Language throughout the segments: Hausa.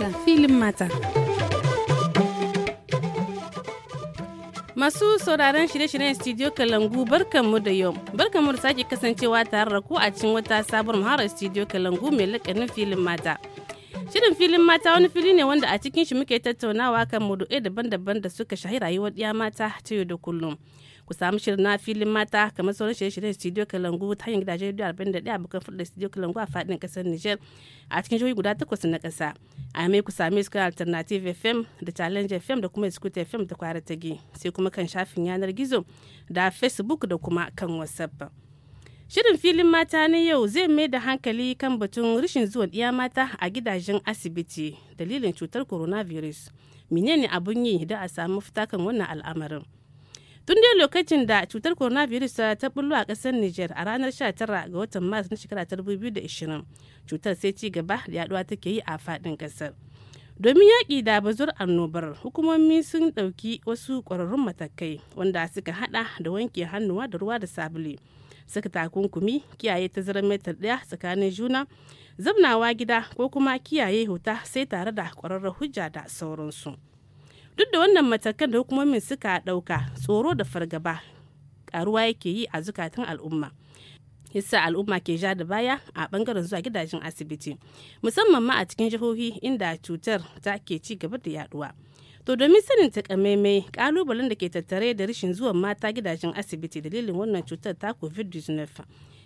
mata filin mata masu sauraron shirye-shiryen studio kalangu barkanmu da yau barkanmu da sake kasancewa tare da ku a cikin wata sabuwar mahara studio kalangu mai lakanin filin mata Shirin filin mata wani fili ne wanda a cikin shi muke tattaunawa kan maudu'ai daban-daban da suka shahi rayuwar ɗiya mata ta yau da kullum. Ku samu shirin na filin mata kamar sauran shirye-shiryen studio Kalangu ta hanyar gidajen radio a bukar fulɗar studio Kalangu a faɗin ƙasar Nijar a cikin jihohi guda takwas na ƙasa. A mai ku sami su Alternative FM da Challenge FM da kuma Scoot FM da Kwara sai kuma kan shafin yanar gizo da Facebook da kuma kan WhatsApp. Shirin filin mata na yau zai mai da hankali kan batun rashin zuwan iya mata a gidajen asibiti dalilin cutar coronavirus. Menene abun yi da a samu fita kan wannan al'amarin? Tun dai lokacin da cutar coronavirus ta bullo a kasar Niger a ranar 19 ga watan Mars na shekara 2020, cutar sai ci gaba da yaduwa take yi a fadin ƙasar. domin yaƙi da bazur annobar hukumomi sun ɗauki wasu ƙwararrun matakai wanda suka hada da wanke hannuwa da ruwa da sabulu saka takunkumi kiyaye ta tazarar metar ɗaya tsakanin juna zamnawa gida ko kuma kiyaye huta sai tare da ƙwararrar hujja da sauransu duk da wannan matakan da hukumomin suka ɗauka tsoro da fargaba karuwa yake yi a zukatan al'umma yasa al'umma ke ja da baya a bangaren zuwa gidajen asibiti musamman ma a cikin jihohi inda cutar ta ke ci gaba da yaduwa To domin sanin takamaimai kalubalen da ke tattare da rashin zuwan mata gidajen asibiti dalilin wannan cutar ta COVID-19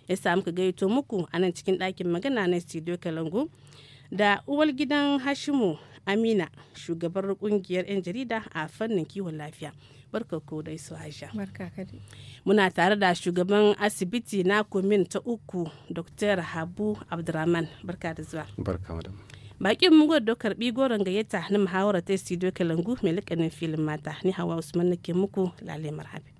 ya samu ka gaito muku a nan cikin ɗakin magana na studio Kalango da uwar gidan Hashimu Amina shugabar kungiyar 'yan jarida a fannin kiwon lafiya. Barka ko dai su Aisha. Muna tare da shugaban asibiti na komin ta uku Dr. Habu Abdurrahman. Barka da zuwa. Barka madam. bakin mun gwada karbi goron gayyata na muhawara ta studio kalangu mai likanin filin mata ni hawa usman nake muku lale marhabi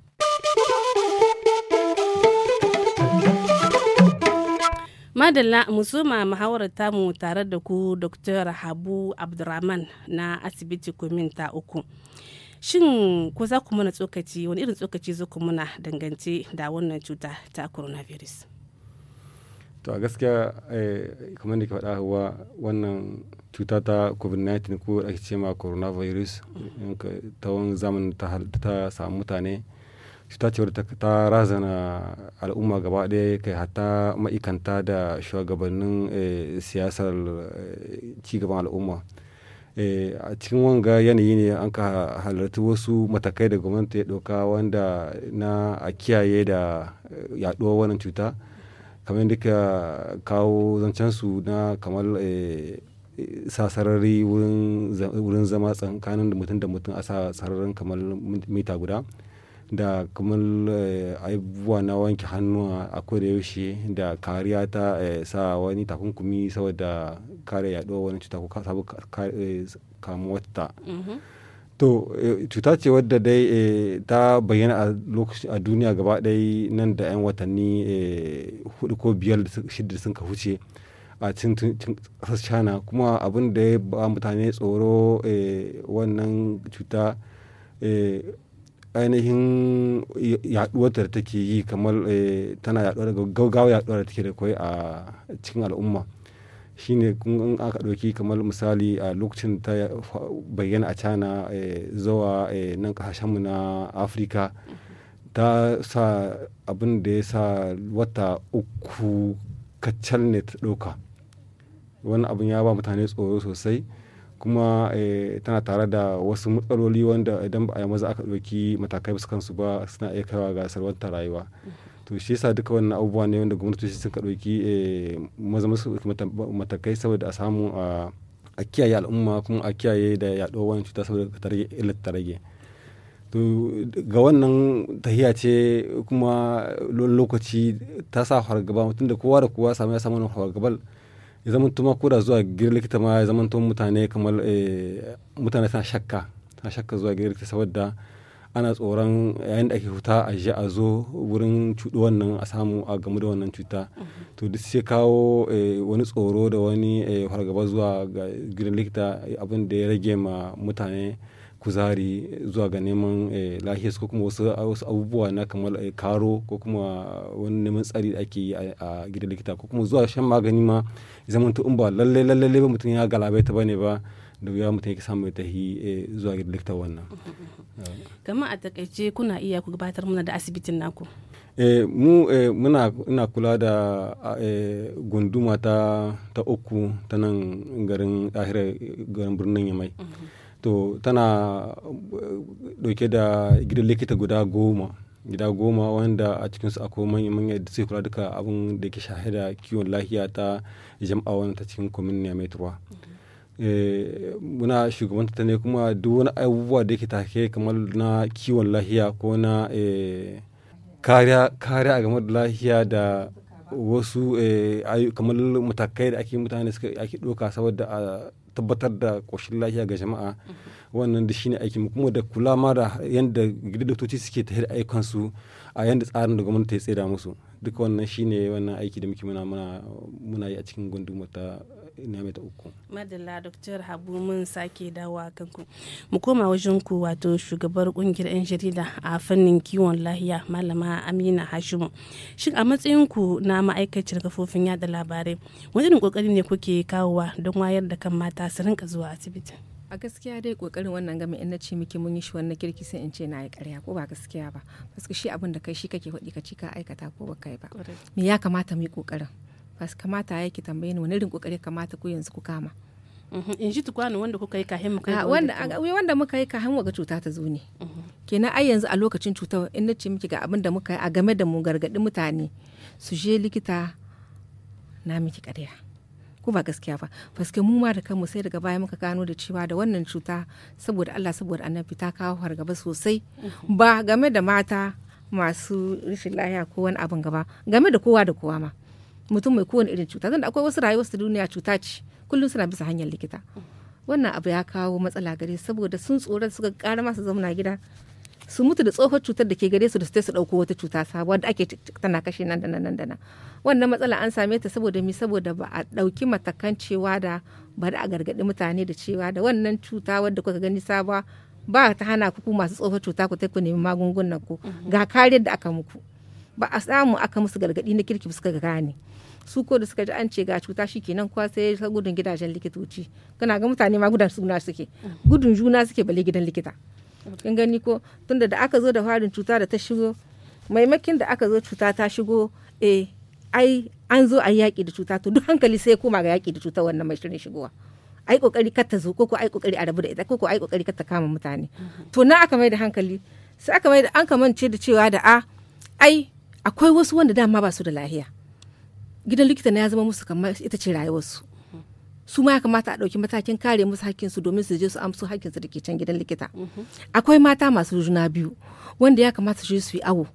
madalla mu soma muhawarar mu tare da ku dr habu abdurrahman na asibiti kuminta uku shin ko za ku mana tsokaci wani irin tsokaci zuku muna dangance da wannan cuta ta coronavirus to a gaskiya eh, kamar da ke faɗa hawa wannan cuta ta covid-19 ko ake ce ma coronavirus ta wani zamanin ta samu mutane cuta ce wadda ta razana al'umma gaba ɗaya kai hatta ma'ikanta da shugabannin eh, siyasar eh, cigaban al'umma a cikin wanga yanayi ne an ka halarci wasu matakai da gwamnati ya ɗauka wanda na a kiyaye da yaɗuwar wannan cuta. kamar duka ka kawo zancensu na kamar eh, sa sarari wurin zama tsakanin da mutum da mutum a sa sararin kamar mita guda da kamar eh, abubuwa na wanke hannu a da yaushe da kariya ta eh, sa wani takunkumi saboda kare yaɗuwa wani cuta ko kamuwa ta mm-hmm. to eh, cuta ce wadda dai eh, ta bayyana a duniya gaba ɗaya nan da 'yan watanni eh, hudu ko biyar shida sun ka huce a cikin ƙasar china kuma abin da ya ba mutane tsoro wannan cuta ainihin yaduwar da take yi kamar tana yaduwar gaggawa yaduwar da take da kwai a cikin al'umma shine in aka ɗauki kamar misali a lokacin ta bayyana a cana eh, zuwa eh, nan mu na afirka ta sa abin da ya sa wata uku kacal ne ta ɗauka wani abin ya ba mutane tsoro sosai kuma eh, tana tare da wasu matsaloli wanda idan ba a yi maza aka ɗauki matakai su kansu ba suna iya kaiwa ga sarwanta rayuwa to shi yasa duka wannan abubuwa ne wanda gwamnatoci suka ɗauki eh, maza masu matakai saboda a samu a kiyaye al'umma kuma a kiyaye da yaɗuwar wani cuta saboda ta rage to ga wannan tahiya ce kuma lokaci ta sa fargaba mutum da kowa da kowa samu ya samu wannan fargabar ya zama tuma ko da zuwa gir likita ma ya zama tuma mutane kamar eh, mutane suna shakka suna shakka zuwa gir likita saboda ana tsoron yayin da ake huta a je a zo wurin cuɗi wannan a samu a gamu da wannan cuta mhm. to duk sai kawo eh, wani tsoro da wani eh, fargaba zuwa ga gidan likita abin da ya rage ma mutane kuzari zuwa ga neman eh, ko kuma wasu abubuwa na kamar karo ko kuma wani neman tsari da ake yi a gidan likita ko kuma zuwa shan magani ma zama in ba lalle lalle ba mutum ya galabaita ne ba da wuya mutum ya samu ta yi eh, zuwa ga wannan kamar a takaice kuna iya ku gabatar muna da asibitin naku eh, mu eh, muna ina kula da gunduma ta ta uku ta nan garin ahira garin birnin yamai to tana dauke da gidan likita guda goma gida goma wanda a cikinsu akwai manya-manya da sai kula duka abin da ke shahida kiwon lahiya ta jama'a ta cikin kwamin mai turwa. Eh, muna shugabanta ta ne kuma duk wani abubuwa da yake take kamar na kiwon lahiya ko na eh, kariya a game da lahiya da wasu eh, kamar matakai da ake mutane suka ake ɗauka saboda a tabbatar da ƙoshin lahiya ga jama'a mm-hmm. wannan da shine aikin kuma da kula ma da yadda gidadotoci suke ta da aikansu a yadda tsarin da gwamnati ya tsira musu duka wannan shine wannan aiki da muke muna yi a cikin gundumar ta na mai uku madalla Dr. habu mun sake dawowa kanku mu koma wajen ku wato shugabar kungiyar yan jarida a fannin kiwon lahiya malama amina hashimu shin a matsayin ku na ma'aikacin kafofin yada labarai wani irin kokari ne kuke kawowa don wayar da kan mata su rinka zuwa asibiti a gaskiya dai kokarin wannan game in nace miki mun yi shi wannan kirki sai in ce na yi karya ko ba gaskiya ba gaskiya shi abin da kai shi kake hudi ka ci ka aikata ko ba kai ba me ya kamata mu yi kokarin bas kamata ya ki tambaye wani irin kokari kamata ku yanzu ku kama mhm. in ji tukwano wanda kuka yi kahin muka yi ah, wanda wanda muka yi kahin waga cuta ta zo ne mhm. kenan ai yanzu a lokacin cutar in na ce miki ga abin da muka yi a game da mu gargaɗi mutane su je likita na miki ƙarya ko ba gaskiya ba faske mu ma da kanmu sai daga baya muka gano da cewa da wannan cuta saboda Allah saboda annabi ta kawo fargaba sosai mhm. ba game da mata masu rashin lahiya ko wani abin gaba game da kowa da kowa ma mutum mai kowane irin cuta zanda akwai wasu rayuwar su duniya cuta ce kullum suna bisa hanyar likita wannan abu ya kawo matsala gare saboda sun tsoron suka kara masu zauna gida su mutu da tsohon cutar da ke gare su da su su dauko wata cuta sabuwa da ake tana kashe nan da nan da nan wannan matsala an same ta saboda mi saboda ba a dauki matakan cewa da ba da a gargadi mutane da cewa da wannan cuta wadda kuka gani sabuwa ba ta hana ku masu tsohon cuta ku ta ku nemi magungunan ku ga mm-hmm. kariyar da aka muku ba a samu aka musu gargadi na kirki suka gane su ko da suka ji an ce ga cuta shi kenan kuwa sai ta gudun gidajen likitoci kana ga mutane ma gudan suna suke gudun juna suke bale gidan likita kin gani ko tunda da aka zo da farin cuta da ta shigo maimakin da aka zo cuta ta shigo eh ai an zo a yaƙi da cuta to duk hankali sai koma ga yaƙi da cuta wannan mai shirin shigowa ai kokari kar ta zo ko ko ai kokari a rabu da ita ko ko ai kokari kar ta kama mutane to na aka mai da hankali sai aka mai da an kamance da cewa da a ah, ai akwai wasu wanda dama ba su da lahiya gidan likita na ya zama musu kamar ita ce rayuwarsu su ma ya kamata a ɗauki matakin kare musu hakinsu domin su je su amsu hakkinsu da ke can gidan likita akwai mata masu juna biyu wanda ya kamata su su yi awo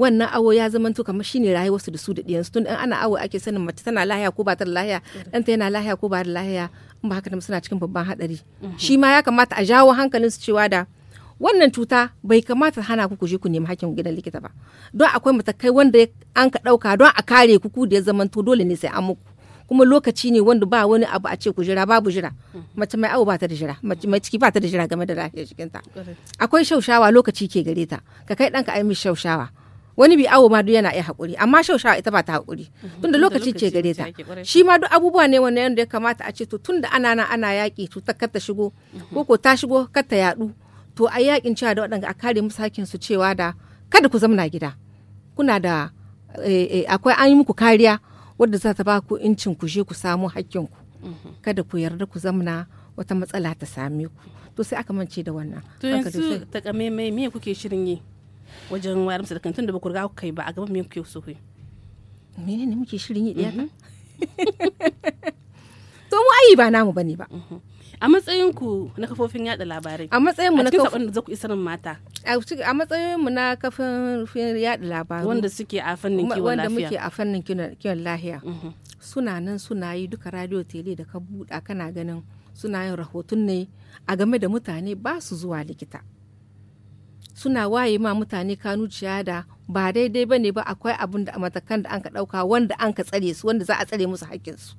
wannan awo ya zama to kamar shine rayuwarsu da su da ɗiyansu tun ana awo ake sanin mace tana lahiya ko ba ta lahiya ɗanta yana lahiya ko ba da lahiya in ba haka suna cikin babban haɗari mhm. shi ma ya kamata a jawo hankalinsu cewa da wannan cuta bai kamata hana ku kuje ku nemi hakkin gidan likita ba don akwai matakai wanda an ka ɗauka don a kare ku ku da ya to dole ne sai an muku kuma lokaci ne wanda ba wani abu a ce ku jira babu jira mhm. mace mai awo ba ta da jira mai ciki ba ta da jira game da lafiyar jikinta akwai shaushawa lokaci ke gare ta ka kai ɗanka ai mishi shaushawa wani bi awo ma duk yana iya haƙuri amma shaushawa ita ba ta haƙuri mhm. tunda lokaci ce gare ta shi ma duk abubuwa ne wannan yadda ya kamata a ce to tunda ana na ana yaƙi cutar kar ta shigo mhm. ko ko ta shigo kar ta yadu to a yakin cewa da waɗanda a kare musu hakkin su cewa da kada ku zamna gida kuna da eh, eh, akwai an yi muku kariya wadda za ta ba ku incin ku je ku samu hakkin ku mhm. kada ku yarda ku zamna wata matsala ta same ku to sai aka mance da wannan to yanzu mai me kuke shirin yi wajen wayar musu da kan tunda ba ku riga ku kai ba a gaban me kuke so ku menene muke shirin yi ɗaya mhm. to mu ayi ba namu bane ba mhm. a matsayin ku na kafofin yada labarai a matsayin mu na kafofin da ku isarin mata a matsayin mu na kafofin yada labarai wanda suke a fannin kiwon lafiya wanda muke a fannin kiwon lafiya mhm. suna nan suna yi duka radio tele da ka buɗa kana ganin suna yin rahoton ne a game da mutane ba su zuwa likita suna waye ma mutane kanu da ba daidai ba ne ba akwai abin da matakan da an ka ɗauka wanda an ka tsare su wanda za a tsare musu haƙƙinsu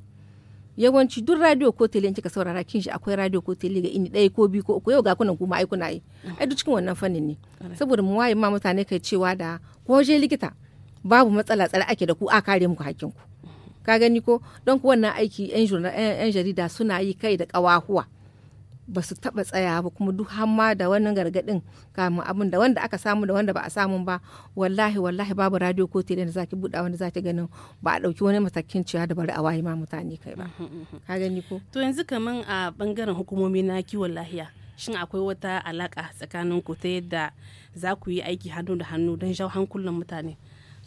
yawanci duk radio ko tele kika saurara kin shi akwai radio ko tele ga ini ɗaya ko biyu ko uku yau ga kunan kuma ai kuna yi ai duk cikin wannan fannin ne saboda mu waye ma mutane kai cewa da ko je likita babu matsala tsare ake da ku a kare muku hakkin ku ka gani ko don ku wannan aiki yan jarida suna yi kai da ƙawahuwa ba su taɓa tsaya ba kuma duk hamma da wannan gargaɗin kamun abin da wanda aka samu da wanda ba a samu ba wallahi wallahi babu radio ko tele da zaki buɗa wanda zaki ganin ba a ɗauki wani matakin cewa da bari a waye ma mutane kai ba mm-hmm, mm-hmm. ka gani ko to yanzu kamar a bangaren hukumomi na kiwon lahiya shin akwai wata alaka tsakanin ku ta yadda za ku yi aiki hannu da hannu don jawo hankulan mutane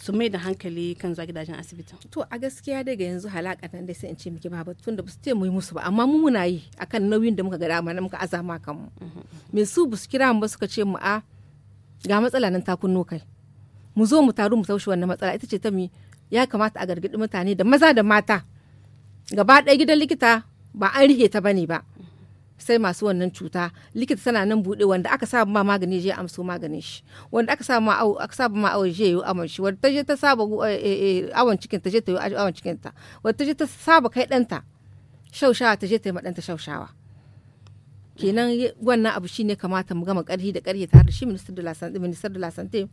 su mai da hankali kan zuwa gidajen asibiti. To a gaskiya daga yanzu halaka nan dai sai in ce miki baba tun da basu ce mu yi musu ba amma mu muna yi akan nauyin da muka ga dama muka azama kanmu. Mm-hmm. Me su basu kira mu ba suka ce mu a ga matsala nan ta kunno kai. Mu zo mu taru mu taushe wannan matsala ita ce ta mi ya kamata a gargadi mutane da maza da mata. Gaba ɗaya gidan likita ba an rike ta bane ba. sai masu wannan cuta likita tana nan buɗe wanda aka saba ma magani je amso maganin shi wanda aka saba ma awo aka saba ma awo je yi awon shi wanda taje je ta saba eh, eh, eh, awon cikin ta je ta yi awon cikin ta wanda ta je ta saba kai danta shaushawa ta je ta yi ma ɗanta shaushawa kenan wannan abu shine kamata mu gama ƙarfi da ƙarfi tare da shi ministar da lasante minister da lasante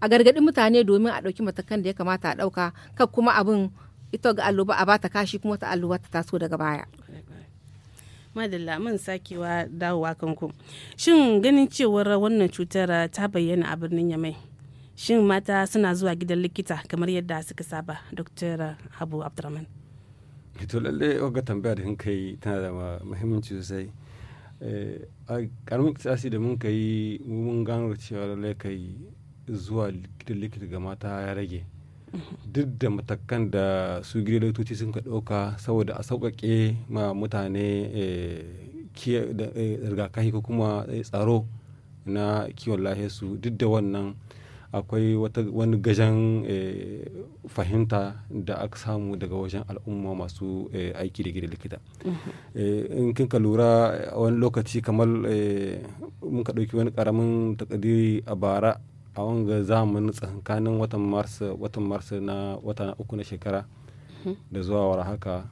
a gargadin mutane domin a ɗauki matakan da ya kamata a ɗauka kan kuma abin ita ga alluba a bata kashi kuma ta alluba ta taso daga baya madalla mun sakewa dawowa kanku shin ganin cewar wannan cutar ta bayyana a birnin yamai shin mata suna zuwa gidan likita kamar yadda suka saba dr abu abdurrahman eh, to lalle wagga tambaya da hinka yi tana da muhimmanci sosai eh, a karamin da mun kai mun gano cewa lalle kai zuwa gidan likita ga mata ya rage duk da matakan da su gidotoci sun ka ɗauka saboda a sauƙaƙe ma mutane eh, eh, rigakafi ko kuma eh, tsaro na kiwon su duk da wannan akwai wani gajen fahimta da aka samu daga wajen al'umma masu aiki da gida likita mm-hmm. in ka lura wani lokaci kamar muka ɗauki wani ƙaramin takadiri a bara a wanga zamanin tsakanin watan mars watan mars na wata uku na shekara da zuwa war haka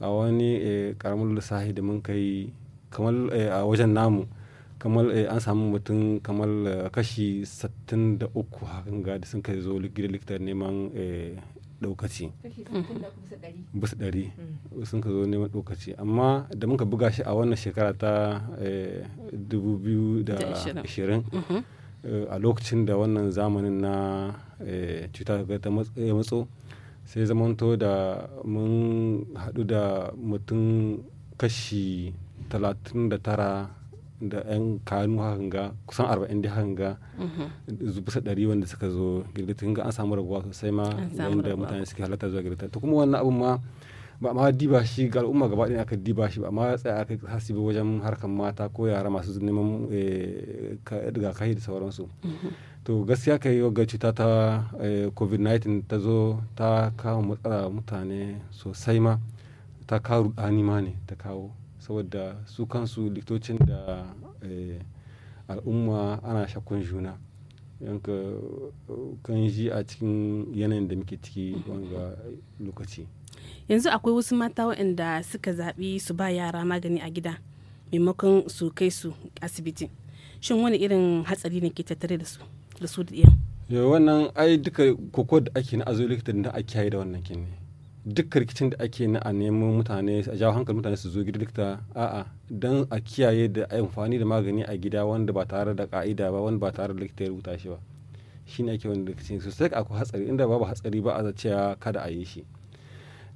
a wani eh, karamin lissafi da mun kai kamar eh, a wajen namu kamar eh, an samu mutum kamar kashi 63 hakan ga da sun kai zo gidan likita neman daukaci bus dari sun ka zo neman daukaci amma da muka buga shi a wannan shekara ta 2020 a lokacin da wannan zamanin na eh, cuta ta matso sai zamanto da mun haɗu da mutum kashi 39 da 'yan kanu hakan ga kusan 40 da hakan ga mhm. bisa ɗari wanda suka zo girgita ga an samu raguwa sosai ma yadda mutane suke halatta zuwa girgita ta kuma wannan abin ma ba ma diba shi ga al'umma gaba ɗaya aka diba shi ba ma tsaya aka hasibi wajen harkar mata ko yara masu neman eh, kai da sauransu mhm. to gaskiya ka yi ga cuta ta eh, covid-19 ta zo ta kawo matsala mutane sosai ma ta kawo rudani ma ne ta kawo saboda su kansu likitocin da eh, al'umma ana shakkun juna yanka kan ji a cikin yanayin da muke ciki mhm. wanga lokaci yanzu akwai wasu mata waɗanda suka zaɓi su ba yara magani a gida maimakon su kai su asibiti shin wani irin hatsari ne ke tattare da su da su da yau wannan ai duka koko da ake na azo likita da a kiyaye da wannan kin ne duk rikicin da ake na a nemo mutane a jawo hankali mutane su zo gidan likita a'a dan a kiyaye da amfani da magani a gida wanda ba tare da ka'ida ba wanda ba tare da likita ya rubuta shi ba shine ake wani rikicin sosai akwai hatsari inda babu hatsari ba a cewa kada a yi shi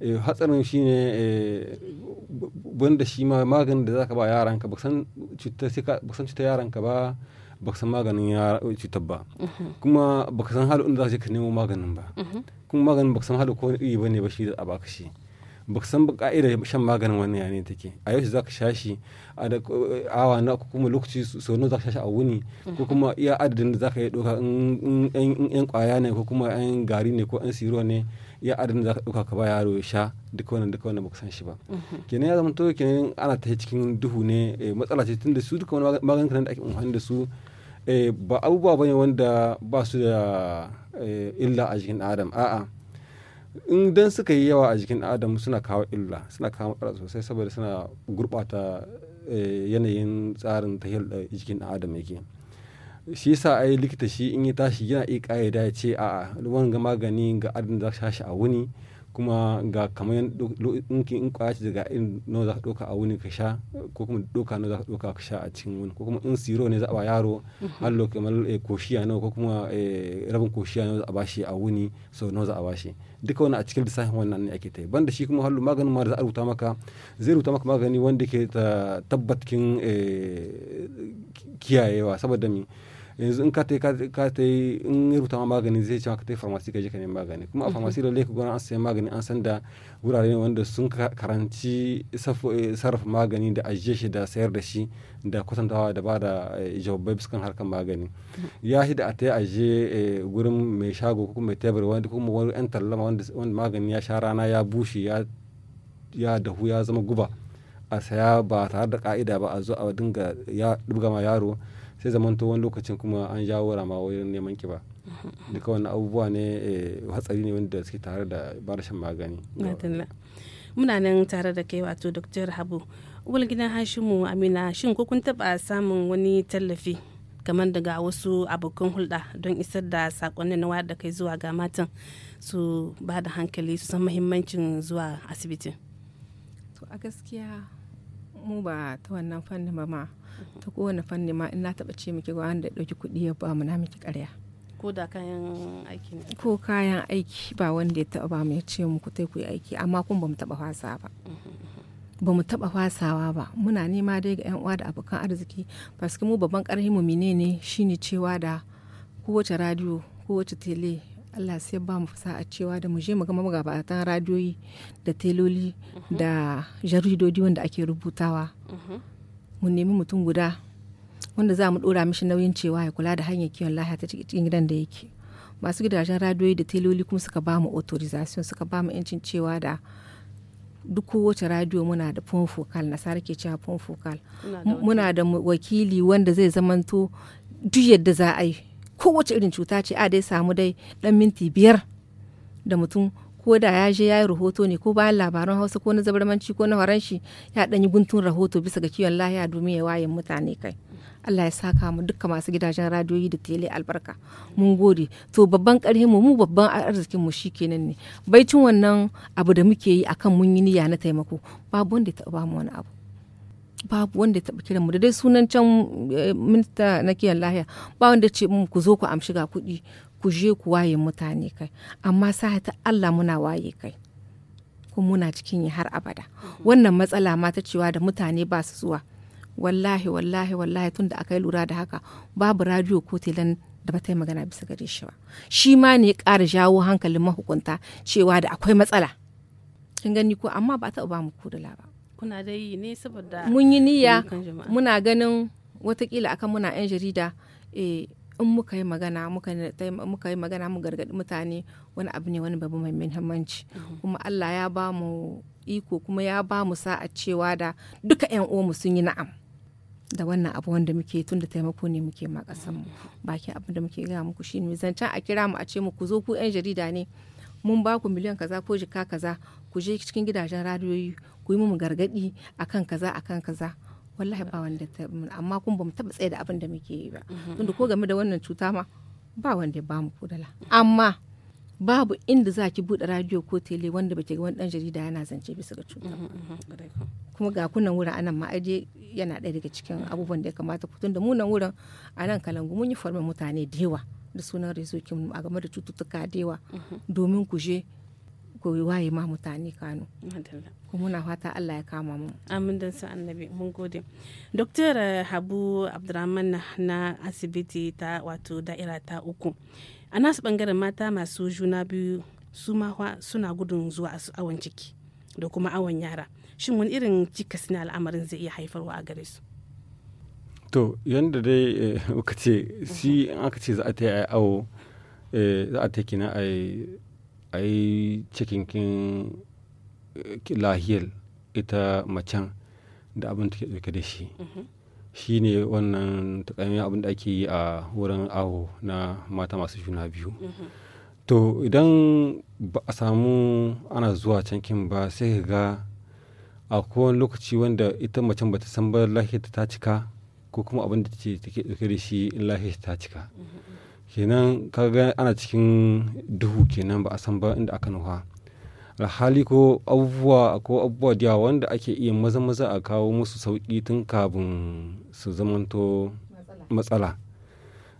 Eh, hatsarin shi ne eh, wanda shi ma maganin da za ka ba yaranka ba san cutar yaranka ba ba san maganin cutar ba mm-hmm. kuma ba san halin inda za ka nemo maganin ba mm-hmm. kuma maganin ba san halin ko iri ba ne ba shi da a baka shi ba san ba ka'ida shan maganin wani yane take a yau za ka sha shi a eh, awa na ko kuma lokaci sau nawa za ka sha shi a wuni ko mm-hmm. kuma iya adadin da za ka yi doka in yan kwaya ne ko kuma yan gari ne ko yan siro ne ya adana za ka ka ba yaro ya sha duka wannan duka wannan baka san shi ba mhm. kenan ya zama to kenan ana ta cikin duhu ne eh, matsala ce tunda su duka wani maganin da ake amfani da su eh, ba abubuwa bane wanda ba su da eh, illa a jikin adam a'a in dan suka yi yawa a jikin adam suna kawo illa suna kawo matsala sosai saboda suna gurbata yanayin tsarin tahiyar jikin adam yake shi sa ai likita shi in ya tashi yana iya ƙa'ida ya ce a wanga magani ga adadin za ka shi a wuni kuma ga kamar in kwaya ce daga in nawa za ka ɗauka a wuni ka sha ko kuma ɗauka nawa za ka ɗauka ka sha a cikin wuni ko kuma in siro ne za a ba yaro mhm. hallo kamar eh, koshiya nawa ko kuma eh, rabin koshiya nawa za a ba shi a wuni sau nawa za a ba shi duka wani a cikin lissafin wannan ne ake ta yi banda shi kuma hallo maganin ma da za a rubuta maka zai rubuta maka magani wanda ke ta tabbatkin eh, kiyayewa saboda mi yanzu in ka ta ka ta in rubuta ma magani zai ce ka ta farmasi ka je ka nemi magani kuma a farmasi mhm. da laifin gwamnati an sayi magani an san da wurare ne wanda sun karanci eh, sarrafa magani da ajiye shi da sayar da shi da kwatantawa da ba da eh, jawabai biskan harkar magani mhm. ya shi da a ta ajiye eh, gurin mai shago ko mai tebur wanda kuma wani yan tallama wanda magani ya sha rana ya bushe ya dahu ya zama guba a saya ba tare da ka'ida ba a zo a dinga ya dubga yaro sai zamanto wani lokacin kuma an jawo rama wajen neman kiba duka wani abubuwa ne eh, hatsari ne wanda suke tare da shan magani muna nan tare da kai wato dr habu gidan hashimu amina shin ko kun taba samun wani tallafi kamar daga wasu abokan hulɗa don isar da saƙonni na wayar da kai zuwa ga matan su ba da hankali su san muhimmancin zuwa asibitin to a gaskiya mu ba ta wannan fannin ba ma ta kowane fanni ma in na taɓa ce miki ga da ɗauki kuɗi ya ba mu na miki karya. ko da kayan aiki ne ko kayan aiki ba wanda ya taɓa ba mu ya ce mu ku tai ku yi aiki amma kun ba mu taɓa fasa ba ba mu taɓa fasawa ba muna nema dai ga 'yan uwa da abokan arziki paske mu babban karhi mu menene shine cewa da kowace radio kowace tele Allah sai ba mu sa'a cewa da mu je mu ga magabatan radiyoyi da teloli mhm. da jaridodi wanda ake rubutawa mhm. mu nemi mutum guda wanda za mu dora mishi nauyin cewa ya kula da hanyar kiwon lahiya ta cikin gidan da yake masu gidajen radiyoyi da teloli kuma suka ba mu authorization suka ba mu yancin cewa da duk kowace radio muna da phone focal nasara ke cewa phone focal muna da wakili wanda zai zamanto duk yadda za a yi kowace irin cuta ce a dai samu dai dan minti biyar da mutum ko da ya je ya yi rahoto ne ko bayan labaran hausa ko na zabarmanci ko na faranshi ya yi guntun rahoto bisa ga kiwon lahiya domin ya waye mutane kai Allah ya saka mu duka masu gidajen radiyoyi da tele albarka mun gode to babban karhe mu mu babban arzikin mu kenan ne baicin wannan abu da muke yi akan mun yi niyya na taimako babu wanda ya taɓa mu wani abu babu wanda ya taɓa kiran mu da dai sunan can eh, minista na kiyan lahiya ba wanda ce mu ku zo ku amshi ga kuɗi ku je ku waye mutane kai amma sa ta Allah muna waye kai kuma muna cikin yi har abada wannan matsala ma ta cewa da mutane ba su zuwa wallahi wallahi wallahi tun da aka yi lura da haka babu radio ko telan da ba ta yi magana bisa gare shi ba shi ma ne ya ƙara jawo hankalin mahukunta cewa da akwai matsala kin gani ko amma ba ta ba mu kudula ba kuna da yi ne saboda mun yi niyya muna ganin watakila akan muna yan jarida eh, in muka yi magana muka yi magana mu gargaɗi mutane wani abu ne wani babu mai muhimmanci mhm. kuma Allah ya ba mu iko kuma ya ba mu sa'a cewa da duka yan mu sun yi na'am da wannan abu wanda muke tun da taimako ne muke ma kasan mu baki abu da muke gaya muku shine zancen a kira mu a ce mu ku zo ku yan jarida ne mun ba ku miliyan kaza ko jika kaza ku je cikin gidajen radiyoyi ku yi mu gargadi akan kaza akan kaza wallahi ba wanda ta amma kun bamu taba tsaye da abin da muke yi ba mhm. tunda ko game da wannan cuta ma ba wanda ya bamu kudala amma babu inda za ki buɗe radio ko tele wanda baki ga wani dan jarida yana zance bisa ga cuta mhm, mhm, kuma ga kunan wurin anan ma aje yana ɗaya daga cikin abubuwan da ya kamata ku tunda munan wurin anan kalangu mun yi farma mutane da yawa da sunan rezokin a game da cututtuka da yawa domin ku je ko waye ma mutane kano kuma muna fata Allah ya kama mu amin dan su annabi mun gode Dr. Eh, Habu Abdurrahman na asibiti ta wato da'ira ta uku a nasu bangaren mata masu juna biyu su ma suna gudun zuwa awon ciki da kuma awon yara shin wani irin cika na al'amarin zai iya haifarwa a gare su to yadda dai eh, muka ce si an aka ce za a ta yi awo eh, za a ta kina a a cikin eh, lahiyar ita macen da abin take ɗauke da shi mhm. shi ne wannan takamin abin da ake yi a wurin awo na mata masu juna biyu mhm. to idan ba a samu ana zuwa cankin ba sai ka ga a kowane lokaci wanda ita macen ba ta san ba lahiyar ta cika ko kuma abin da take ɗauke da shi in lahiyar ta cika mhm. kenan kaga ana cikin duhu kenan ba a san ba inda aka nufa alhali ko abubuwa ko abubuwa da wanda ake iya maza maza a kawo musu sauki tun kafin su zamanto matsala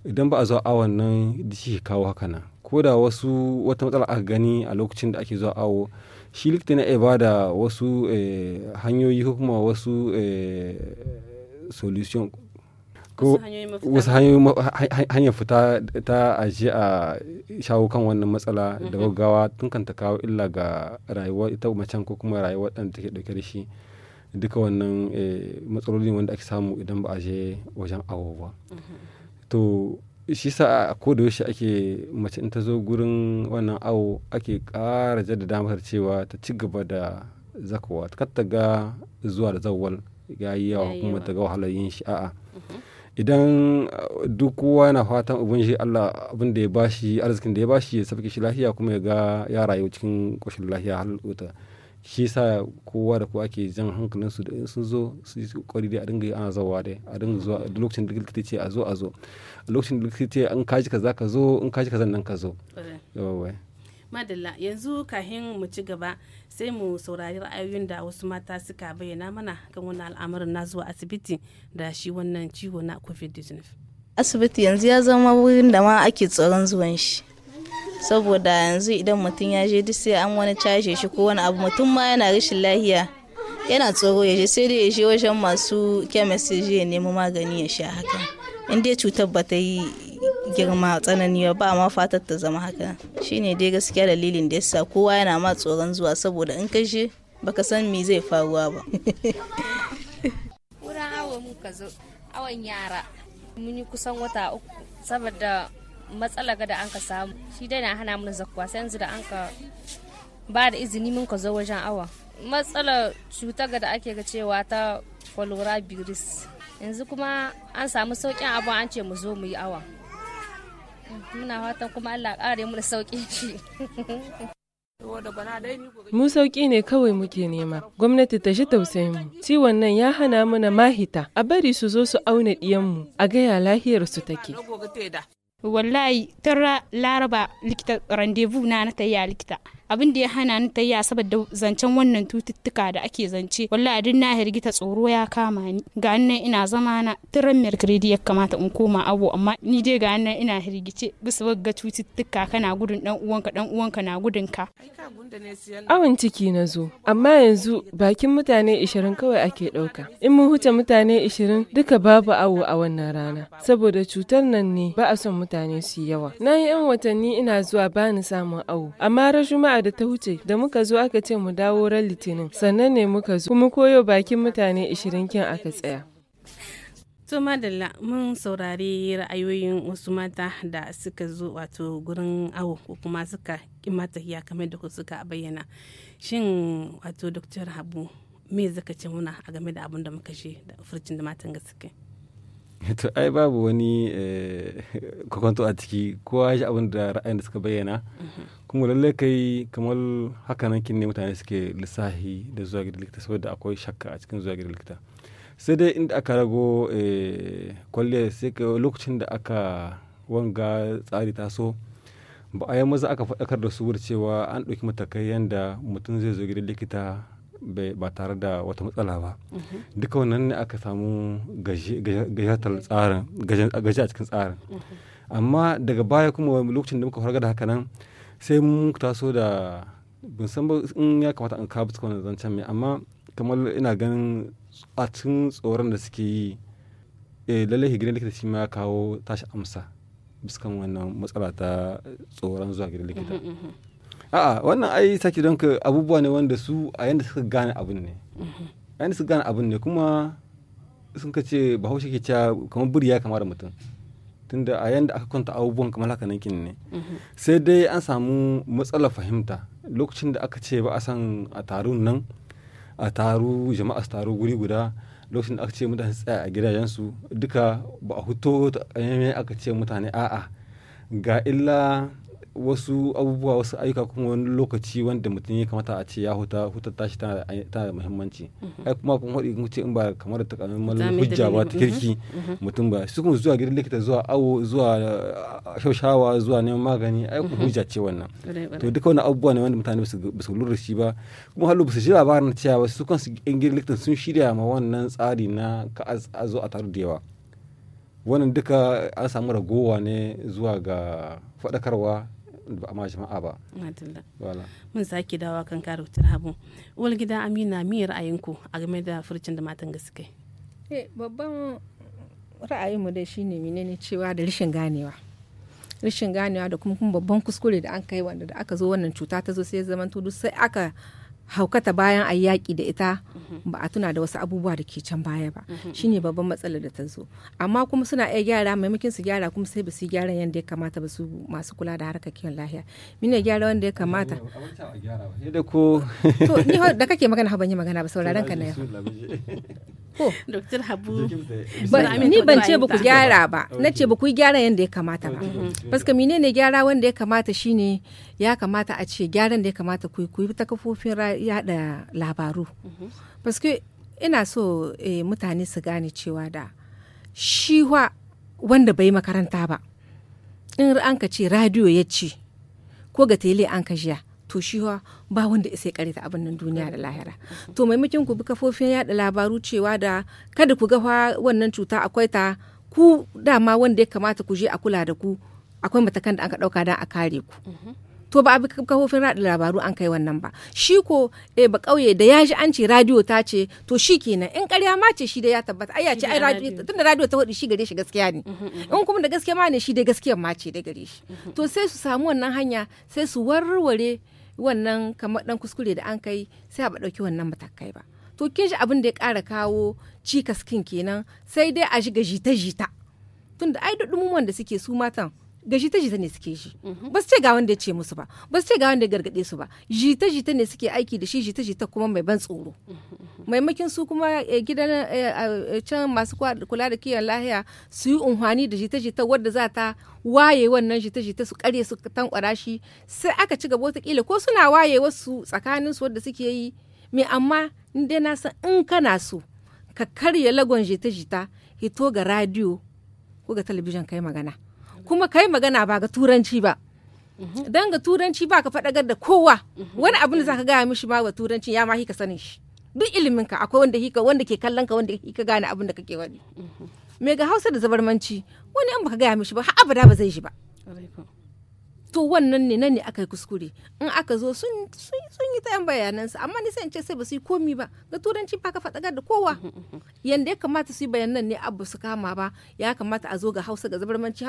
idan ba a zuwa awon nan da shi kawo haka nan ko da wasu wata matsala aka gani a lokacin da ake zuwa awo shi likita na ba da wasu eh, hanyoyi ko kuma wasu eh, solution ko wasu hanyar fita ta aje a shawo kan wannan matsala da mm-hmm. gaggawa tun kan ta kawo illa ga rayuwar ita macen ko kuma rayuwar ɗan take ɗauke da shi duka wannan eh, matsaloli wanda ake samu idan ba a je wajen awo ba mm-hmm. to shi sa a koda yaushe ake mace in ta zo gurin wannan awo ake ƙara jaddada damar cewa ta ci gaba da zakawa ta ga zuwa da zawwal ya yi yawa kuma ta ga wahalar yin shi a'a mm-hmm. idan uh, duk kowa yana fatan ubangiji Allah abin da ya bashi arzikin da ya bashi ya sauke shi lafiya kuma ya ga ya rayu cikin koshin lafiya har wuta shi sa kowa da kowa ke jan hankalin su da sun zo su yi kokari dai a dinga yi ana zawa dai a dinga zuwa duk lokacin da likita ce a zo a zo a lokacin da likita ce in kaji ka za ka zo in kaji ka zan nan ka zo yawa madalla yanzu kahin mu ci gaba sai mu saurari ra'ayoyin da wasu mata suka bayyana mana kan wani al'amarin na zuwa asibiti da shi wannan ciwo na covid-19 asibiti yanzu ya zama wurin da ma ake tsoron zuwan shi saboda yanzu idan mutum ya je duk sai an wani cashe shi ko wani abu mutum ma yana rashin lahiya yana tsoro ya je sai dai ya je wajen masu kemis ya je ya magani ya sha haka in dai cutar ba ta yi girma tsanani ba ba ma fatar ta zama haka shine dai gaskiya dalilin da yasa kowa yana ma tsoron zuwa saboda in kashe baka san me zai faruwa ba wurin awon muka zo awon yara mun yi kusan wata uku saboda matsala ga da an ka samu shi dai na hana mun zakwa sai yanzu da an ka ba da izini mun ka zo wajen awa matsalar cuta ga da ake ga cewa ta coronavirus yanzu kuma an samu sauƙin abu an ce mu zo mu yi awa muna fatan kuma Allah ƙara mu da sauƙin shi Mu sauƙi ne kawai muke nema, gwamnati ta shi tausayin mu. Ciwon nan ya hana mana mahita, a bari su zo su auna mu a gaya lahiyar su take. Wallahi, tara laraba likita rendezvous na na tayya likita. abin da ya hana ni tayya saboda zancen wannan tututtuka da ake zance wallahi duk na hirgita tsoro ya kama ni ga nan ina zama na tiran mercredi ya kamata in koma abu amma ni dai ga nan ina hirgice bisa ga cututtuka kana gudun dan uwanka dan uwanka na gudun ka awon ciki na zo amma yanzu bakin mutane 20 kawai ake dauka in mun huce mutane 20 duka babu awo a wannan rana saboda cutar nan ne ba a son mutane su yawa na yi yan watanni ina zuwa bani samun awo amma rashin ma'a da ta wuce da muka zo aka ce mu dawo ran litinin sannan ne muka zo kuma koyo bakin mutane ishirin kin aka tsaya. to madalla mun saurari ra'ayoyin wasu mata da suka zo wato gurin awo ko kuma suka kima tahiya kamar da suka bayyana shin wato dr habu me zaka ce muna a game da abin da muka shi da furcin da matan gaske. to ai babu wani eh, kwakwanto a ciki kowa ya shi abin da ra'ayin da suka bayyana mm-hmm. kuma lalle kai kamar haka nan kin ne mutane suke lissafi da zuwa gidan likita saboda akwai shakka a cikin zuwa gidan likita sai dai inda aka rago eh, kwalliya sai ka lokacin da aka wanga tsari taso ba a yi maza aka faɗakar da su cewa an ɗauki matakai yadda mutum zai zo gidan likita ba tare da wata matsala ba mhm. duka wannan ne aka samu gaji a cikin tsarin mhm. amma daga baya kuma lokacin da muka farga da haka nan sai mun taso da ban san ba in ya kamata an kawo zancen mai amma kamar ina ganin a cikin tsoron da suke yi eh, lallai higirin likita shi ma ya kawo tashi amsa biskan wannan matsala ta tsoron zuwa gidan likita mhm, a'a wannan ai sake don ka abubuwa ne wanda su a yanda suka gane abin ne mhm. a yanda suka gane abin ne kuma sun ka ce bahaushe ke cewa kamar buri ya kama da mutum tunda a yanda aka kwanta abubuwan kamar haka nan ne mhm. sai dai an samu matsalar fahimta lokacin da aka ce ba a san a taru nan a taru jama'a su taru guri guda lokacin da aka ce mutane tsaya a gidajensu duka ba a huto aka ce mutane a'a ga illa wasu abubuwa wasu ayyuka kuma wani lokaci wanda mutum ya kamata a ce ya huta hutar tashi tana da muhimmanci mhm. ai kuma kun hudu kun ce in ba kamar da takamaiman hujja ba ta kirki mhm. Mhm. mutum ba su kuma zuwa gidan likita zuwa awo zuwa shaushawa zuwa neman magani ai kuma hujja ce wannan to duka wani abubuwa ne wanda mutane ba su lura da shi ba kuma halu ba su ji labarin cewa ba su kansu yan gidan likita sun shirya ma wannan tsari na ka a zo a taru da yawa wannan duka an samu ragowa ne zuwa ga faɗakarwa ba a ma jama'a ba mun sake dawa kan kare wutar habu uwar gida amina mi ra'ayinku a game da furcin da matan gaske eh, babban ra'ayinmu dai shine ne cewa da rashin ganewa rashin ganewa da kuma babban kuskure da an kai wanda da aka zo wannan cuta ta zo sai zaman tudu sai aka haukata bayan a yaƙi da ita Mhm. ba a tuna da wasu abubuwa da ke can baya ba mhm. shine babban matsalar da ta zo amma kuma suna iya gyara maimakon su gyara kuma sai ba su gyara yadda ya kamata ba su masu kula da harkar kiwon lafiya mine gyara wanda ya kamata to ni da kake magana ha ban yi magana ba sauraron ka na yau ko dr habu ni ban ce ba ku gyara ba na ce ba ku gyara yadda ya kamata ba paske mine ne gyara wanda ya kamata shine ya kamata a ce gyaran da ya kamata ku yi ta kafofin yada labaru mhm. Baske ina so eh, mutane su gane cewa da shi wa wanda bai makaranta ba, in an ka ce radiyo ya ce ko ga tele an ka jiya. to shi ba wanda isai kare ta abin nan duniya da lahira to maimakon ku bi kafofin yada labaru cewa da kada ku ga wannan cuta akwai ta ku dama wanda ya kamata ku je a kula da ku akwai matakan da aka dauka don a kare ku mhm. to ba abu kafofin rada labaru an kai wannan ba shi ko eh ba kauye da ya ji an ce radio ta ce to shi kenan in karya ma ce shi da ya tabbata ai ya ce ai radio da radio ta hudu shi gare shi gaskiya ne mm-hmm, mm-hmm. in kuma da gaskiya ma ne shi da gaskiyar ma ce da gare shi mm-hmm, to sai su samu wannan hanya sai su warware wannan kamar dan kuskure da an kai sai ba dauki wannan matakai ba to kin shi abin da ya kara kawo cikas kin kenan sai dai a shiga jita-jita tunda ai da wanda suke su matan da jita-jita ne suke shi mhm. ba su ce ga wanda ya ce musu ba ba su ce ga wanda ya gargaɗe su ba jita-jita ne suke aiki da shi jita-jita kuma mai ban tsoro mhm. maimakin su kuma eh, gidan eh, eh, can masu kula da kiyon lahiya su yi unhwani da jita-jita wadda za ta waye wannan jita-jita su kare su tankwara shi sai aka ci gaba wataƙila ko suna waye wasu tsakanin su wadda suke yi me amma in dai na san in kana so ka karya lagon jita-jita hito ga radiyo ko ga talabijin kai magana kuma kai magana ba ga turanci ba mhm. dan ga turanci ba ka faɗagar da kowa mhm. wani abin da ka gaya mishi ma ga turanci ya ma ka sanin shi duk ilimin ka akwai wanda hika wanda ke kallon ka wanda hika gane abin da kake wani mhm. me ga Hausa da zabarmanci wani in baka gaya mishi ba har abada ba zai shi ba to wannan ne nan ne aka yi kuskure in aka zo sun yi ta yan bayanansu amma ni sai in ce sai ba su yi komi ba ga turanci ba ka faɗakar da kowa yanda ya kamata su yi bayanan ne abu su kama ba ya kamata a zo ga hausa ga zabarmanci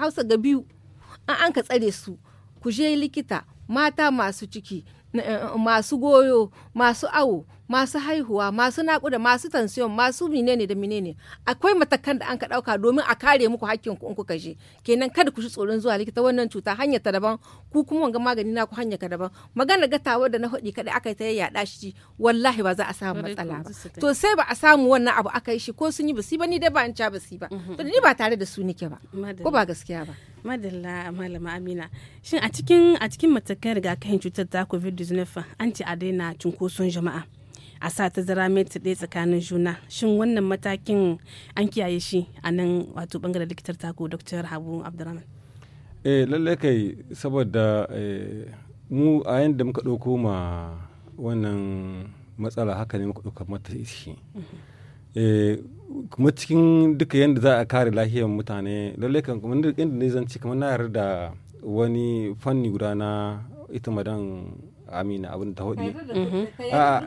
hausa ga biyu an an ka tsare su ku je likita mata masu ciki eh, masu goyo masu awo masu haihuwa masu naƙuda masu tansiyon masu menene da menene akwai matakan da an ka ɗauka domin a kare muku hakkin ku in kuka je kenan kada ku shi tsoron zuwa likita wannan cuta hanya ta daban ku kuma wanga magani na ku hanyar ka daban magana ga tawa da na faɗi kada aka ta yayyada shi wallahi ba za a samu matsala ba to sai ba a samu wannan abu aka yi shi ko sun yi basi ba ni dai ba an ca basi ba mhm. to ni ba tare da su nike ba ko ba gaskiya ba madalla malama amina shin a cikin a cikin matakan rigakafin cutar ta covid-19 an ce a daina cunkoson jama'a a sa tazara metri ɗaya tsakanin juna shin wannan matakin an kiyaye shi a nan wato bangaren likitar taku dr habu abdurrahman eh lalle kai saboda eh, mu a yadda muka ɗauko ma wannan matsala haka ne muka ɗauka mata shi mhm. eh, kuma cikin duka yadda za a kare lafiyar mutane lallai kan kuma inda ne zan ci kamar na yarda da wani fanni guda na ita madan amina abin ta hudu mhm. ah,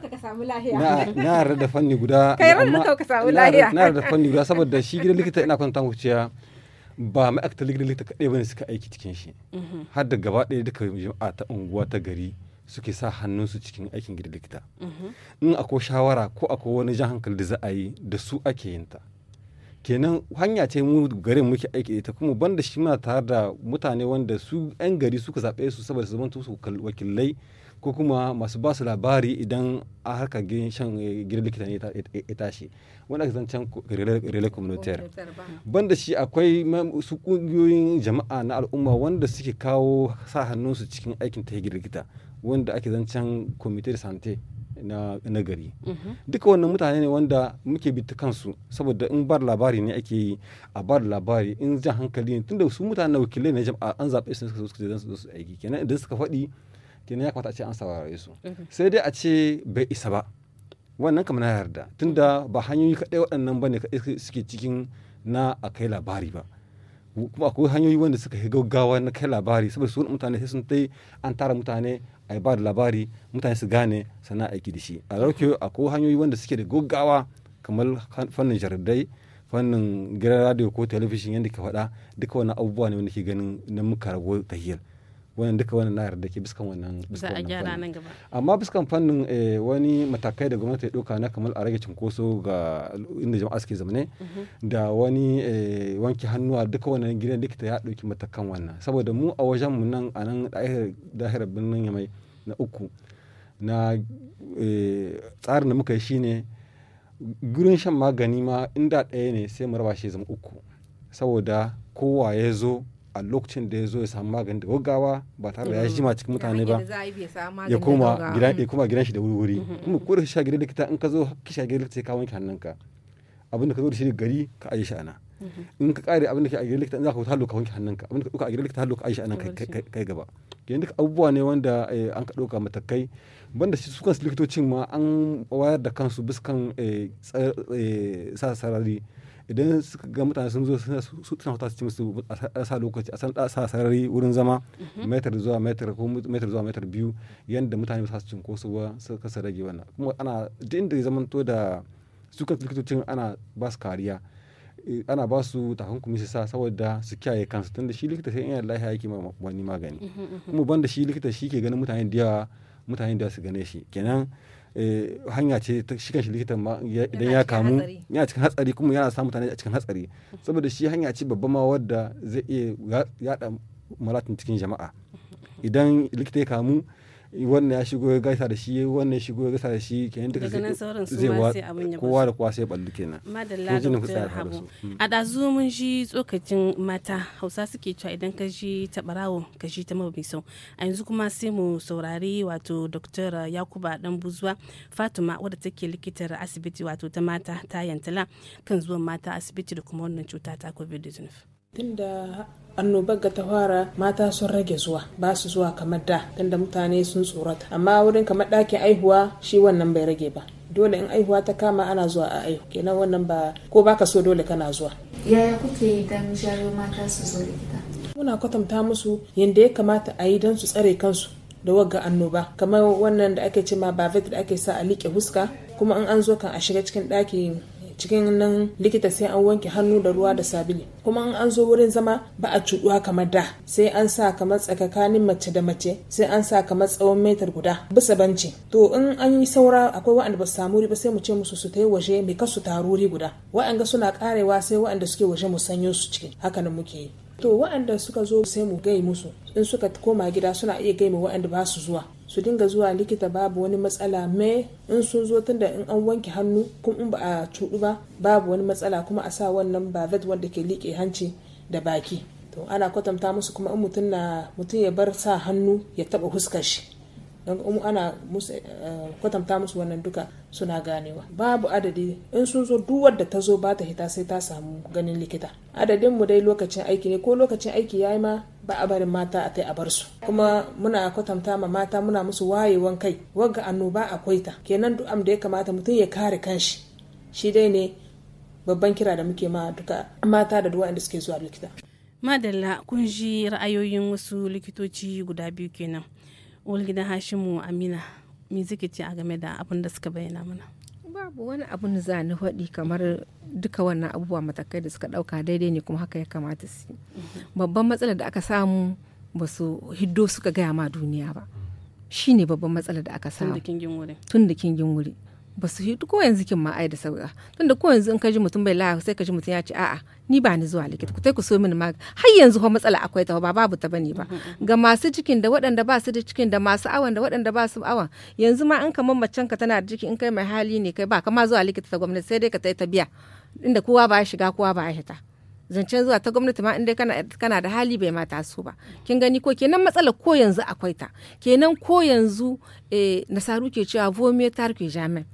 na yarda da fanni guda na yarda da fanni guda saboda shi gidan likita ina kwanta wuciya ba ma'aikatan gidan likita kaɗai bane suka aiki cikin shi mhm. har da gaba ɗaya duka jama'a ta unguwa ta gari suke sa hannun su cikin aikin gidan likita mhm. in akwai shawara ko akwai wani jan hankali da za a yi da su ake yin ta kenan hanya ce mu garin muke aiki ita kuma banda shi muna tare da mutane wanda su 'yan gari suka zaɓe su saboda su zama su wakilai ko kuma masu ba su labari idan a harkar shan eh, gidan likita ne ya tashi wanda aka zancen relay communautaire banda shi akwai su kungiyoyin jama'a na al'umma wanda suke kawo sa hannunsu cikin aikin ta gidan likita wanda ake zancen comité de santé na, nagari. Mhm. duka wannan mutane ne wanda muke bi ta kansu saboda in bar labari ne ake yi a bar labari in jan hankali ne tunda su mutane wakilai na jama'a an zaɓe su suka zo su aiki kenan idan suka faɗi kenan ya kamata a ce an saurare su eh. sai dai a ce bai isa ba wannan kamar na yarda tunda ba hanyoyi kaɗai waɗannan ba ne kaɗai suke cikin na a kai labari ba kuma akwai hanyoyi wanda suka yi gaggawa na kai labari saboda su mutane sai sun tai an tara mutane a yi ba da labari mutane su gane sana aiki da shi a lauke akwai hanyoyi wanda suke da gaggawa kamar fannin jaridai fannin gidan radio ko talabijin yadda ka faɗa duka wani abubuwa ne wanda ke ganin na muka rago tahiyar wannan duka wannan na yarda ke biskan wannan za nan gaba amma biskan fannin eh, wani matakai da gwamnati ya ɗauka na kamar a rage cinkoso ga inda jama'a suke zamane mhm. da wani eh, wanke hannuwa duka wannan duka likita ya ɗauki matakan wannan saboda mu a wajen mu nan a nan dahirar birnin yamai na uku na eh, tsarin da muka yi shine gurin shan magani ma inda ɗaya ne sai mu raba shi zama uku saboda kowa ya zo a lokacin da ya zo ya samu magani da gaggawa ba tare da ya mm. jima cikin mutane ba ya koma gidan ya mm. koma gidan shi da wuri mm-hmm. kuma ko da shi gidan likita in ka zo ka shi gidan likita sai ka wanke hannunka abin da ka zo da shi gari ka aje shi ana mm-hmm. in ka kare abin da ke a gidan likita in za ka wuta hallo ka wanke hannunka abin da ka duka a gidan likita halu ka aje shi ana kai gaba yanzu duka abubuwa ne wanda eh, an ka ɗauka matakai banda shi su kansu likitocin ma an wayar da kansu biskan eh, eh, sa sarari idan suka ga mutane sun zo suna huta su ci musu a sa lokaci a san sa sarari wurin zama mhm. metar zuwa metar ko metar zuwa metar biyu yadda mutane ba su cinkoso ba su kasa rage wannan kuma ana duk inda ya zamanto da su kan likitocin ana ba su kariya e, ana ba su takunkumi su sa saboda su kiyaye kansu tunda shi likita sai yana lafiya yake wani magani mhm, mhm. kuma banda shi likita shi ke ganin mutane da yawa mutane da su gane shi kenan Eh, hanya ce ta shi likitan ma idan ya kamu yana cikin hatsari kuma yana sa mutane a cikin hatsari saboda shi hanya ce babba ma wadda zai iya yada malatin cikin jama'a idan likita ya kamu wannan ya shigo ya gaisa da shi wannan ya shigo ya gaisa da shi kenan duka daga nan sauran su ma kowa da kowa sai ballu kenan madalla da habu hmm. a ɗazu mun ji tsokacin mata hausa suke cewa idan ka ji ta ka ji ta mabi sau a yanzu kuma sai mu saurari wato dr yakuba dan buzuwa fatima wadda take likitar asibiti wato ta mata ta yantala kan zuwan mata asibiti da kuma wannan cuta ta covid-19 Tunda annoba ga ta fara mata sun rage zuwa ba su zuwa kamar da tunda mutane sun tsorata amma wurin kamar ɗakin aihuwa shi wannan bai rage ba dole in aihuwa ta kama ana zuwa a aihu kenan wannan ba ko baka so dole kana zuwa yaya kuke dan jaro mata su zo likita muna kwatanta musu yadda ya kamata a yi don su tsare kansu da wagga annoba kamar wannan da ake ce ma da ake sa a liƙe huska kuma in an zo kan a shiga cikin ɗakin cikin nan likita sai an wanke hannu da ruwa da sabili kuma in an zo wurin zama ba a cuɗuwa kamar da sai an sa kamar tsakakanin mace da mace sai an sa kamar tsawon metar guda bisa banci to in an yi saura akwai waɗanda ba su samu riba sai mu ce musu su ta yi waje mai kasu taruri guda waɗanda suna karewa sai waɗanda suke waje mu sanyo su ciki hakanan muke yi to waɗanda suka zo sai mu gai musu in suka koma gida suna iya gaima waɗanda ba su zuwa su dinga zuwa likita babu wani matsala me in sun zo tunda in an wanke hannu kuma in ba a cuɗu ba babu wani matsala kuma a sa wannan bavet wanda ke liƙe hanci da baki to ana kwatanta musu kuma in mutum na mutum ya bar sa hannu ya taɓa huskar shi don in ana eh, kwatanta musu wannan duka suna ganewa babu adadi in sun zo duk wadda ta zo ba ta hita sai ta samu ganin likita adadin mu dai lokacin aiki ne ko lokacin aiki yayi ma ba a barin mata a tai a bar su kuma muna kwatanta ma mata muna musu wayewan kai wagga annoba akwai ta kenan duk am da ya kamata mutum ya kare kanshi shi dai ne babban kira da muke ma duka mata da duwa inda suke zuwa likita madalla kun ji ra'ayoyin wasu likitoci guda biyu kenan gidan hashimu amina me zike ce a game da abin da suka bayyana mana babu wani abun za ni faɗi kamar duka wannan abubuwa matakai da suka ɗauka daidai ne kuma haka ya kamata su babban matsalar da aka samu ba su hiddo suka gaya ma duniya ba shine babban matsalar da aka samu tun da kingin wuri ba su hidu ko yanzu kin ma ai da sauka tunda ko yanzu in ka ji mutum bai lafiya sai ka ji mutum ya ce a'a ni ba ni zuwa likita ku taiku ku so mini ma har yanzu fa matsala akwai ta ba babu ta bane ba ga masu cikin da waɗanda ba su da cikin da masu awan da waɗanda ba su awan yanzu ma in kamar macen ka tana da ciki in kai mai hali ne kai ba ka ma zuwa likita ta gwamnati sai dai ka tai ta biya inda kowa ba ya shiga kowa ba ya hita zancen zuwa ta gwamnati ma inda kana, kana da hali bai ma taso ba kin gani ko kenan matsalar ko yanzu akwai ta kenan ko yanzu eh, nasaru ke cewa vomitar ke jami'a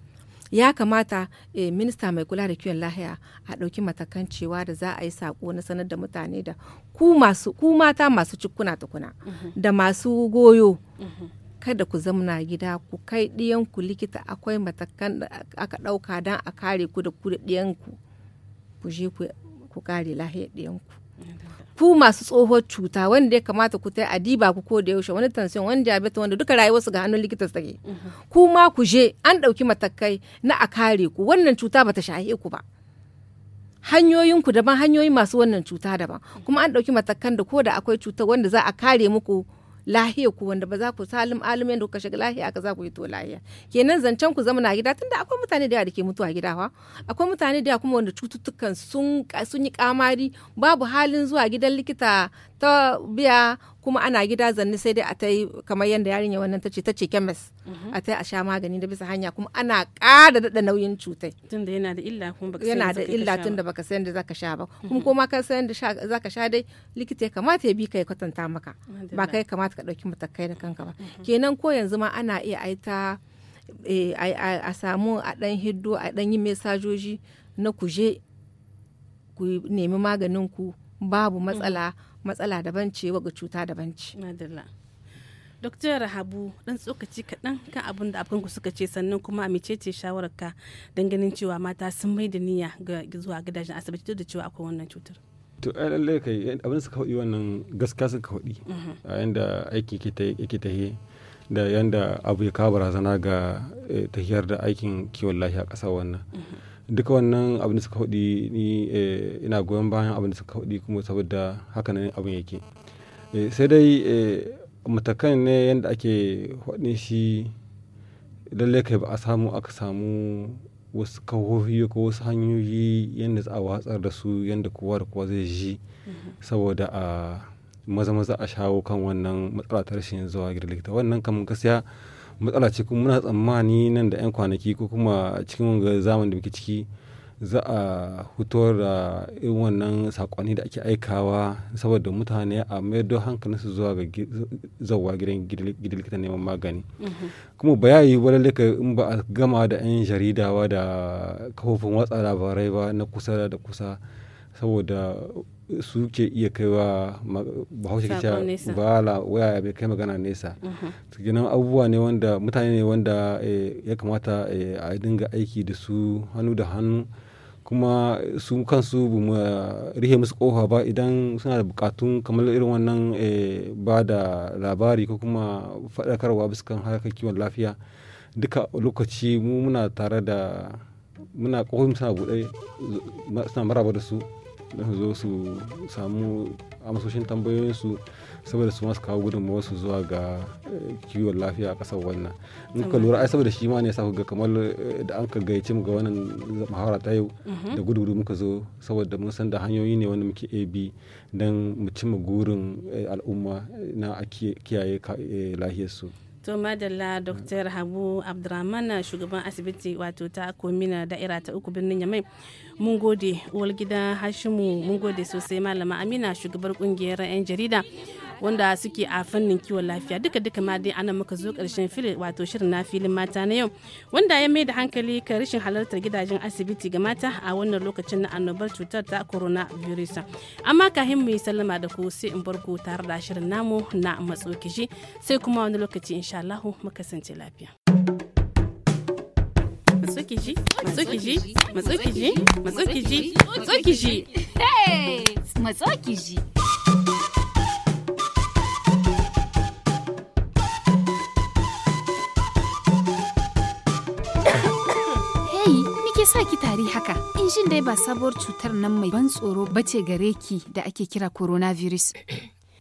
ya kamata eh, minista mai kula da kiwon lahiya a ɗauki matakan cewa da za a yi sako na sanar da mutane da ku mata masu cikuna tukuna mm -hmm. da masu goyo mm -hmm. kada ku zamna gida ku kai ɗiyanku likita akwai matakan da aka ɗauka don a kare ku da ku da ɗiyanku ku je ku kare lahiyar ɗiyanku ku masu tsohon cuta wanda ya kamata ku tai adiba ku ko da yaushe wani tansiyon wani diabetes wanda duka rayuwarsu ga hannun likita ke. Mhm. ku ma ku je an ɗauki matakai na a kare ku wannan cuta bata shahe ku ba hanyoyin ku daban hanyoyin masu wannan cuta daban mhm. kuma an ɗauki matakan da ko da akwai cutar wanda za a kare muku lahiya ku wanda ba za ku salim alim yadda kuka shiga lahiya ka za ku yi to lahiya kenan zancen ku zama na gida tunda akwai mutane da yawa da ke mutuwa gida fa akwai mutane da yawa kuma wanda cututtukan sun sun yi kamari babu halin zuwa gidan likita ta biya kuma ana gida zanni sai dai a ta yi kamar yadda yarinya wannan ta ce ta ce kemis mhm. a ta a sha magani da bisa hanya kuma ana ƙara daɗa nauyin cutai tunda yana da illa kuma baka yana da illa tunda baka san da zaka sha ba kuma mhm. kuma ka san da zaka sha dai likita ya kamata ya bi ka ya kwatanta maka ba kai kamata ka ɗauki matakai da kanka ba mhm. kenan ko yanzu ma ana iya aita eh, a samu a ɗan hiddo a ɗan yi mesajoji na kuje ku nemi maganin ku babu matsala mm -hmm. matsala daban ce wa ga cuta daban ce Dr. Rahabu dan tsokaci kaɗan kan abin da abin suka ce sannan kuma a mecece shawararka don ganin cewa mata sun mai da niyya ga zuwa gidajen asibiti da cewa akwai wannan cutar. to ai lallai kai abin suka faɗi wannan gaskiya suka faɗi mhm. a yanda aiki yake tahiye da yanda abu ya kawo barazana ga eh, tahiyar da aikin kiwon lafiya ƙasar wannan. Mhm. duka wannan abin da suka hudi ni eh, ina goyon bayan abin da suka hudi kuma saboda haka nan abin yake eh, sai dai eh, matakan ne yadda ake hudin shi lallai kai ba a samu aka samu wasu kahohi ko wasu hanyoyi yadda za a watsar da su yadda kowa da kowa zai ji saboda a maza maza a shawo kan wannan matsala ta rashin zuwa girgita wannan kamar gaskiya matsala ce kuma muna tsammani nan da 'yan kwanaki ko kuma cikin wanga da muke ciki za a da irin wannan sakonni da ake aikawa saboda mutane a maido hankalinsu zuwa ga zauwa gidan gidan likita neman magani mhm. kuma yi wani laka in ba a gama da 'yan jaridawa da kafofin watsa labarai ba na kusa da kusa saboda su ke iya kaiwa bahaushe ke bala waya bai kai magana nesa ginan mhm. abubuwa ne wanda mutane ne wanda eh, ya kamata eh, a dinga aiki da su hannu da hannu kuma su kansu bu mu rihe musu kofa ba idan suna da bukatun kamar irin wannan eh, ba da labari ko kuma faɗakarwa bisa kan harkar kiwon lafiya duka lokaci mu muna tare da muna kofin suna buɗe suna maraba da su na zo su samu amsoshin tambayoyinsu saboda su masu kawo gudunmawar su zuwa ga eh, kiwon lafiya a ƙasar wannan in ka lura ai saboda shi ma ne sa ga kamar eh, da an ka gayyace mu ga wannan muhawara ta yau mhm. da gudu muka zo saboda mun san da hanyoyi ne wanda muke ab don mu cimma gurin eh, al'umma na a kiyaye lafiyarsu. to madalla dr habu abdurrahman shugaban asibiti wato ta komina da'ira ta uku birnin yamai mun gode uwar gida hashimu mun gode sosai malama amina shugabar kungiyar 'yan jarida wanda suke a fannin kiwon lafiya duka duka ma dai ana muka zo karshen filin wato shirin na filin mata na yau wanda ya mai da hankali kan rashin halartar gidajen asibiti ga mata a wannan lokacin na annobar cutar ta coronavirus amma kahin mu yi sallama da ku sai in barku tare da shirin namu na matso kishi sai kuma wani lokaci insha Allah mu kasance lafiya matso kishi matso kishi matso kishi matso kishi matso kishi sa ki tari haka? In shin dai ba sabuwar cutar nan mai ban tsoro bace gare ki da ake kira coronavirus.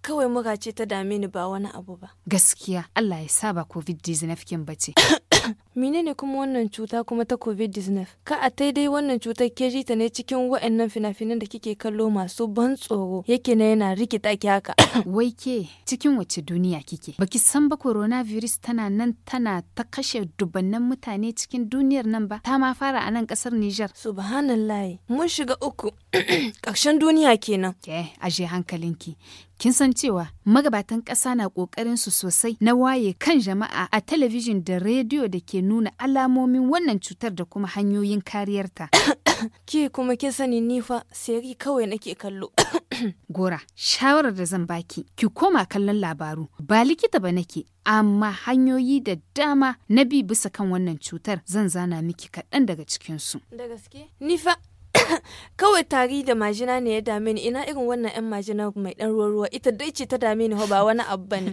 kawai mura ce ta dame ni ba wani abu ba gaskiya Allah ya saba covid-19 kin bace menene kuma wannan cuta kuma ta covid-19 ka a tai dai wannan cutar ke ta ne cikin wa'annan fina-finan da kike kallo masu ban tsoro yake na yana rikita ki haka wai ke cikin wace duniya kike baki san ba coronavirus tana nan tana ta kashe dubannan mutane cikin duniyar nan ba ta ma fara a nan kasar nijar. subhanallah mun shiga uku ƙarshen duniya kenan ke aje hankalinki Kin san cewa magabatan ƙasa na ƙoƙarin su sosai na waye kan jama'a a talabijin da rediyo da ke nuna alamomin wannan cutar da kuma hanyoyin kariyarta. Ke kuma kin sani nifa sai kawai nake kallo. Gora, shawarar da zan baki, ki koma kallon labaru, ba likita ba nake, amma hanyoyi da dama na bi bisa kan wannan cutar zan zana miki kaɗan daga cikinsu. Da gaske? Nifa, kawai tari da majina ne ya dame ni ina irin wannan yan majina mai dan ruwa ruwa ita dai ce ta dame ni ba wani abu bane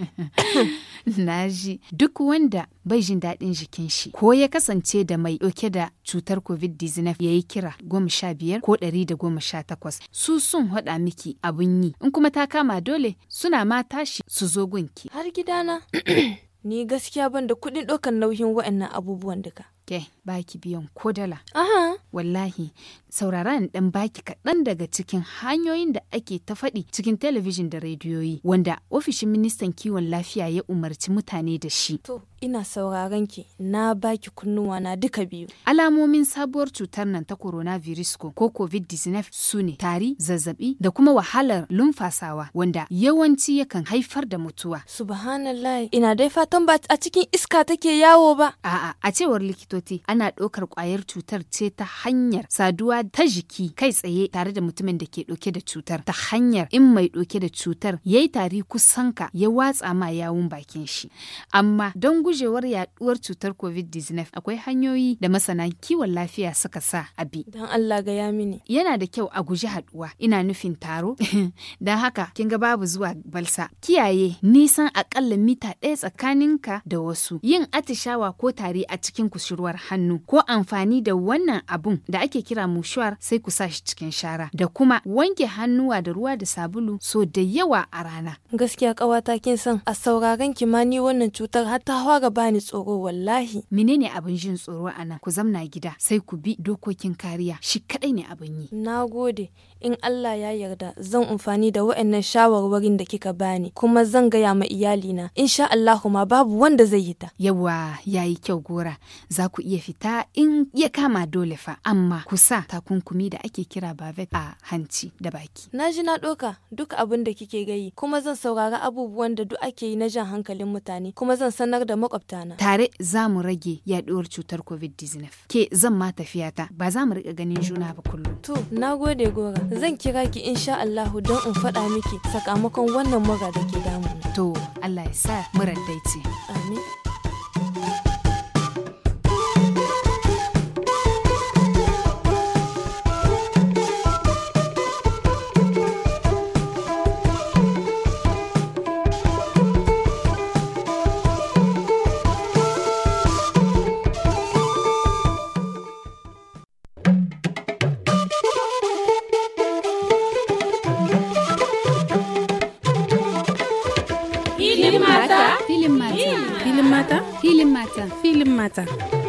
naji duk wanda bai jin daɗin jikin shi ko ya kasance da mai ɗauke da cutar covid-19 ya yi kira goma sha biyar ko ɗari da goma sha takwas su sun haɗa miki abun yi in kuma ta kama dole suna ma tashi su zo gunki har gidana ni gaskiya ban da kuɗin ɗaukar nauyin wa'annan abubuwan duka Ke baki biyan ko dala. Aha. Wallahi saurara ni dan baki kaɗan daga cikin hanyoyin da ake ta faɗi cikin talabijin da rediyoyi wanda ofishin ministan kiwon lafiya ya umarci mutane da shi. To ina sauraron ki na baki kunnuwa na duka biyu. Alamomin sabuwar cutar nan ta coronavirus ko ko covid-19 su ne tari, zazzabi da kuma wahalar lumfasawa wanda yawanci yakan haifar da mutuwa. Subhanallah ina dai fatan ba a cikin iska take yawo ba. A'a a cewar likitoci ana ɗaukar ƙwayar cutar ce ta hanyar saduwa ta jiki kai tsaye tare da mutumin da ke ɗauke da cutar ta hanyar in mai ɗauke da cutar yayi tari kusan ka ya watsa ma yawun bakin shi. Amma don gujewar yaduwar cutar covid-19 akwai hanyoyi da masana kiwon lafiya suka sa a bi don allah ga ya mini yana da kyau a guji haduwa ina nufin taro don haka kin ga babu zuwa balsa kiyaye nisan akalla mita ɗaya tsakanin ka da wasu yin atishawa ko tari a cikin kusurwar hannu ko amfani da wannan abun da ake kira mushuwar sai ku sa shi cikin shara da kuma wanke hannuwa da ruwa da sabulu so da yawa a rana gaskiya kawata kin san a sauraron kimani wannan cutar har ta ga bani tsoro wallahi. Menene abin jin tsoro a nan? Ku zamna gida sai ku bi dokokin kariya shi kadai ne abin yi. Na gode in Allah ya yarda zan amfani da wa'annan shawarwarin da kika bani kuma zan gaya ma iyalina insha Allahu ma babu wanda zai yi ta. Yawa yayi kyau gora za ku iya fita in ya kama dole fa amma kusa takunkumi da ake kira bavet a hanci da baki. Na ji na ɗauka duk abin da kike gayi kuma zan saurari abubuwan da duk ake yi na jan hankalin mutane kuma zan sanar da makwabtana. Tare za mu rage yaduwar cutar COVID-19. Ke zan ma tafiya ta ba za mu rika ganin juna ba kullum. To, na gode gora. Zan kira ki insha Allahu don in faɗa miki sakamakon wannan mura da ke damu. To, Allah ya sa mu raddaice. Amin. mata filin mata.